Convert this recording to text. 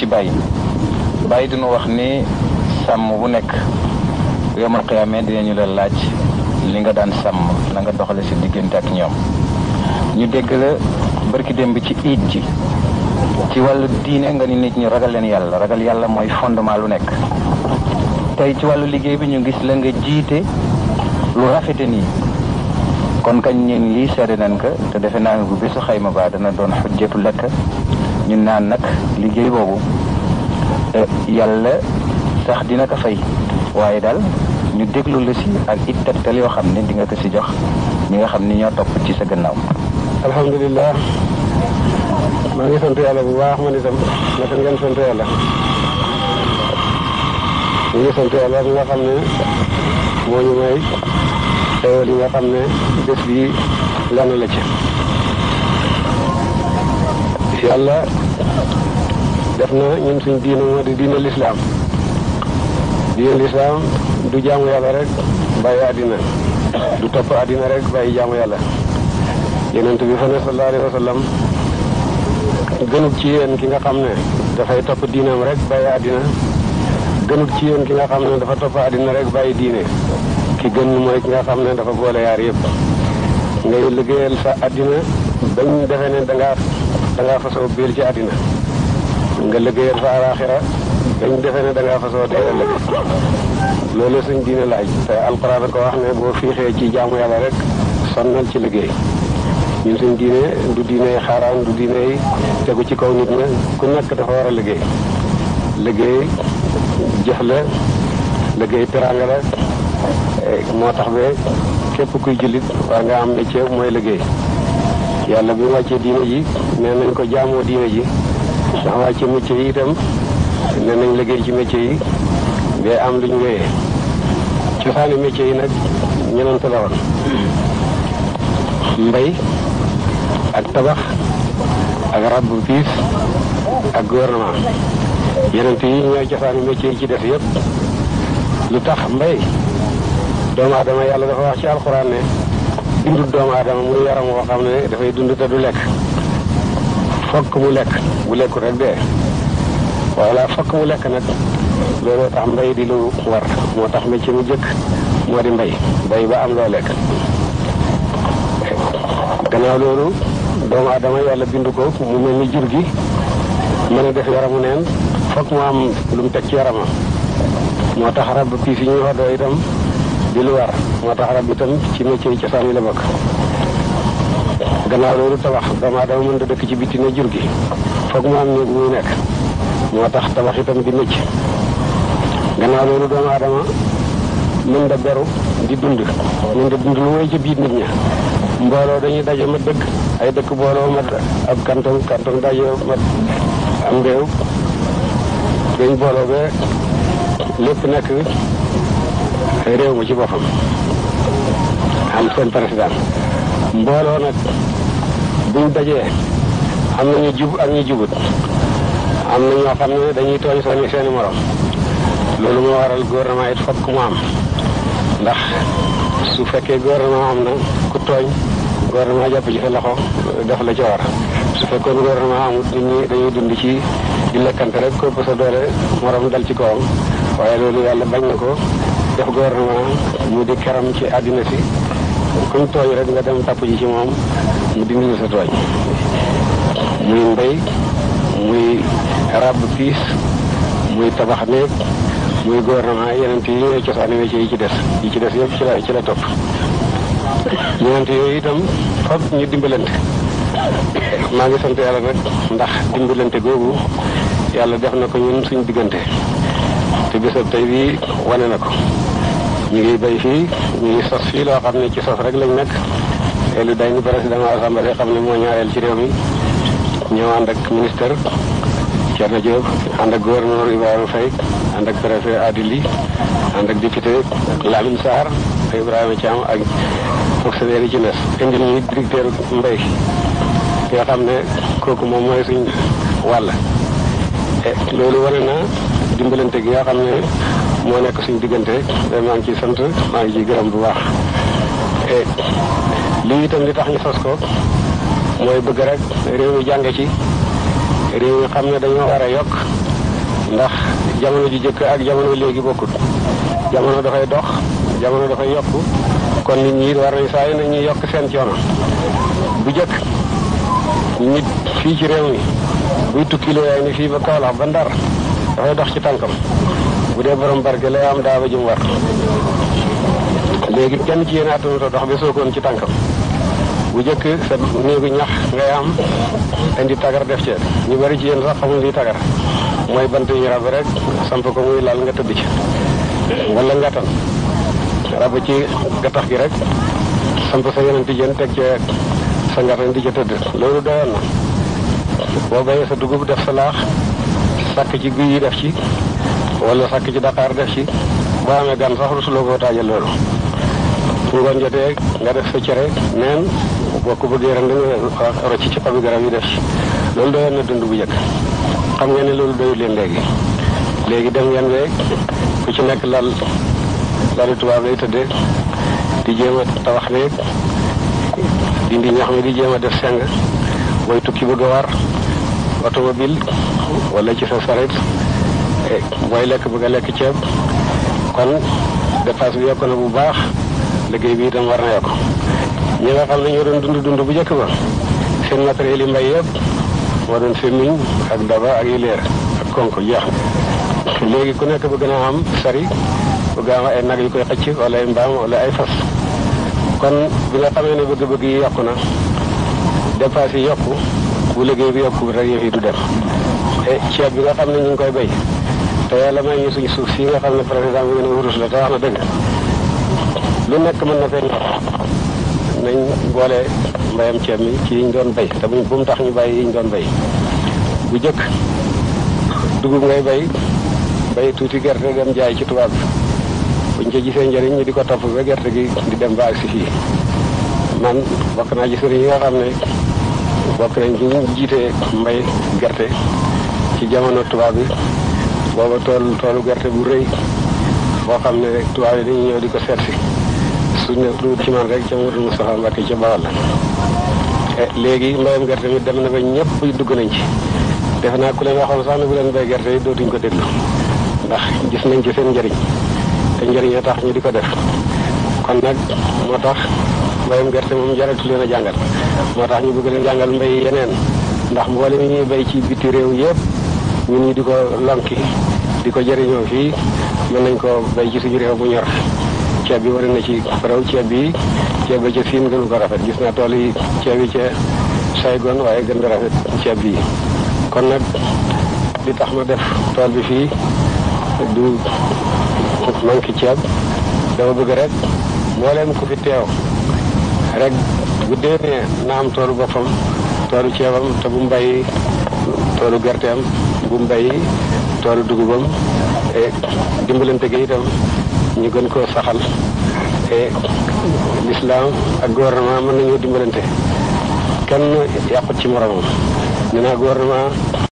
ci bàyyi bàyyi duna wax ni sàmm bu nekk yomal dina ñu leen laaj li nga daan sàmm la nga doxale si diggante ak ñoom ñu dégg la bërki démb ci iit ji ci wàllu diine nga ni nit ñi ragal leen yàlla ragal yàlla mooy fondement lu nekk tey ci wàllu liggéey bi ñu gis la nga jiite lu rafete nii kon kañ ñeen lii seede nañ ko te defe naa bu bésu xayma baa dana doon xujjatu lekk ñu naan nag liggéey boobu eh, yàlla sax dina ko fay waaye daal ñu déglu la si ak it tegtal yoo xam ne di nga ko si jox ñi nga xam ni ñoo topp ci sa gannaaw. alhamdulilah maa sant yàlla bu baax man itam naka ngeen sant nga xam ne moo ñu may xéewal yi nga xam ne bés bi lenn la ci. yàlla def na ñun suñ diina moo di diina lislaam diina lislaam du jaamu yàlla rek bàyyi àddina du topp àddina rek bàyyi jaamu yàlla yonent bi fa ne sallallahu alayhi wa sallam ci yéen ki nga xam ne dafay topp diinam rek bàyyi àddina gënut ci yéen ki nga xam ne dafa topp àddina rek bàyyi diine ki gën mooy ki nga xam ne dafa boole yaar yëpp ngay liggéeyal sa àddina bañ defe ne da da ngaa fasoo biir ci àddina nga liggéeyal fa alaaxira dañ defe ne da ngaa fasoo dee ëllëg loolu suñ diine laaj te alxuraan da ko wax ne boo fiixee ci jaamu yàlla rek sonnal ci liggéey ñun suñ diine du diiney xaaraan du diiney tegu ci kaw nit ña ku nekk dafa war a liggéey liggéey jëf la liggéey teraanga la moo tax ba képp kuy jullit war nga am métier mooy liggéey yàlla bi mu wàccee diine ji nee nañ ko jaamoo diine ji ndax wàccee métier yi itam nee nañ liggéey ci métier yi bee am lu ñu wéyee cosaani métier yi nag ñeneen la woon mbay ak tabax ak rab bu piis ak gouvernement yeneen yi ñooy cosaani métier yi ci def yëpp lu tax mbay doomu aadama yàlla dafa wax ci alxuraan ne bindu doomu aadama muy yaram woo xam ne dafay dund te du lekk fokk mu lekk bu lekkul rek dee voilà fokk mu lekk nag looloo tax mbay di lu war moo tax métier mu jëkk moo di mbay mbay ba am loo lekk gannaaw loolu doomu aadama yàlla bind ko mu mel ni jur gi mën a def yaramu neen fokk mu am lu mu teg ci yaramam moo tax rab bi fi ñuy xoddoo itam di lu war moo tax rab itam ci métier cosaan yi la bokk gannaaw loolu tabax damaa dama mënta dëkk ci bitti ne jur gi foog mu am néeg muy nekk moo tax tabax itam di mécc gannaaw loolu doomu aadama mën da beru di dund mën da dund lu mooy ci biir nit ña mbooloo dañuy daje mat dëkk ay dëkk booloo mat ab kanton kanton daje mat am réew dañ booloo ba lépp nekk réew mi ci boppam am seen président mbooloo nag buñ dajee am na ñu jub ak ñu jubut am na ñoo xam ne dañuy tooñ soññi seeni morom loolu moo waral gouvernement it fokk mu am ndax su fekkee gouvernement am na ku tooñ gouvernement jàpp ci sa loxo def la ci war su fekkoon gouvernement amut nit ñi dañuy dund ci di lekkante rek ko sa doole morom dal ci kawam waaye loolu yàlla bañ na ko def gouvernement mu di karam ci àddina si kuñ tooñ rek nga dem tàpp ji ci moom mu dindi sa tooñ muy mbéy muy rab piis muy tabax néeg muy gouvernement yeneen yi ñooy ci yi ci des yi ci des yëpp ci la ci la topp yeneen yooyu itam ñu dimbalante maa ngi sant yàlla rek ndax dimbalante googu yàlla def na ko ñun suñ diggante te bésab tey bi wane na ko ñu ngi bay fii ñu ngi sos fii loo xam ne ci sos rek lañ nekk te lu day ni président assemblée xam ne moo ñaareel ci réew mi ñëw ànd ak ministère Thierno Diop ànd ak gouverneur Ibrahima Faye ànd ak préfet Adili ànd ak député Lamine Sarr te Ibrahima Thiam ak fonctionnaire yi ci nes indil ñuy directeur mbay yoo xam ne kooku moom mooy suñ wàll loolu wane na bi nga xam ne moo nekk suñ diggante maa ngi ciy sant maa ngi ciy gërëm bu baax lii itam li tax ñu sos ko mooy bëgg rek réew mi jànge ci réew mi xam ne dañoo war yokk ndax jamono ji jëkk ak jamono léegi bokkut jamono dafay dox jamono dafay yokk kon nit ñi war nañ saa yi na ñuy yokk seen coono bu jëkk nit fii ci réew mi buy tukkilee yaay ni fii ba Kaolack ba Ndar dafay dox ci tànkam bu dee borom barke lay am daaba jum war léegi kenn ci yéen attanuta dox ba sookoon ci tànkam bu jëkk sa néegu ñax ngay am indi tagar def ci ñu bari ci yéen sax xamul li tagar mooy bant yi rab rek samp ko muy laal nga tëdd ci wala ngatan rab ci gi rek samp sa yeneen jën teg sa ngatan di ca tëdd loolu doyoon na boo bayee sa dugub def sa laax sàkk ci guy yi def ci walla sàkk ci daqaar def ci boo amee gan sax rusuloo ko taajal loolu su ngoon jotee nga def sa cere neen boo ko bëggee ren danga ah, rocc ci xobi garab yi def ci loolu doyoon na dund bu njëkk xam nga ne loolu doyut leen léegi léegi dem ngeen weeg ku ci nekk lal lalu tubaab lay tëddee di jéem a tabax néeg dindi ñax mi di jéem a def seng booy tukki bëgg a war automobile wala ci sa saret eh, booy lekk bëgg a lekk ceeb kon dépense bi yokk na bu baax liggéey bi itam war na yokk ñi nga xam ne ñoo doon dund dund bu njëkk ba seen matériel yi mbay yëpp moo seen semiñ ak daba ak ileer ak konk jeex léegi ku nekk bëgg na am sari bëgg am ay nag yu koy xëcc wala ay mbaam wala ay fas kon bi nga xamee ne bëgg-bëgg yi yokku na dépense yi yokku bu liggéey bi yokku rek yëf yi du dem Eh, ceeb bi nga xam ne ñu ngi koy bay te yàlla may ñu suñu suuf si nga xam ne président bi ngeen a wurus la te wax na dëgg lu nekk mën na fee nañ boole mbayam ceeb mi ci yiñ doon bay te buñ mu tax ñu bàyyi yiñ doon bay bu jëkk dugub ngay bay bay tuuti gerte dem jaay ci tubaab bi buñ ci jisee njëriñ ñu di ko topp ba gerte gi di dem ba ak si fii man bokk naa ci sëriñ yi nga xam ne bokk nañ ci ñu jiitee mbay gerte ci jamono tubaab bi booba tool toolu gerte bu rëy boo xam ne rek tubaab yi dañuy ñëw di ko seet si suñ ne ruut ci man rek ca Mouhamadou Moustapha Mbacké ca Bawol la eh, léegi mbayam gerte mi dem na ba ñëpp dugg nañ ci def naa ku leen waxoon sax ne bu leen bay gerte yi dootuñ ko déglu ndax gis nañ ci seen njariñ te njëriñ a tax ñu di ko def kon nag moo tax mbayam gerte moom jaratu leen a jàngal moo tax ñu bugg leen jàngal mbay yeneen ndax mboolem yi ñuy bay ci biti réew yëpp ñun ñi diko ko lanki di ko jëriñoo mën nañ ko bay ci suñu réew bu ñor ceeb bi war na ci raw ceeb bi ceeb ba ca siin gënu ko rafet gis na tool yi ceeb yi ca saygon waaye gën nga rafet ceeb bi kon nag li tax ma def tool bi fii du manki ceeb dama bëgg rek mbooleem ku fi teew rek bu déenee na am toolu boppam toolu ceebam te bu mbay bàyyi toolu gerteem bu mbay yi toolu dugubam e dimbalante gi itam ñu gën koo saxal e lislaam ak gouvernement mën nañoo dimbalante kenn yàqut ci moromam ñu naa gouvernement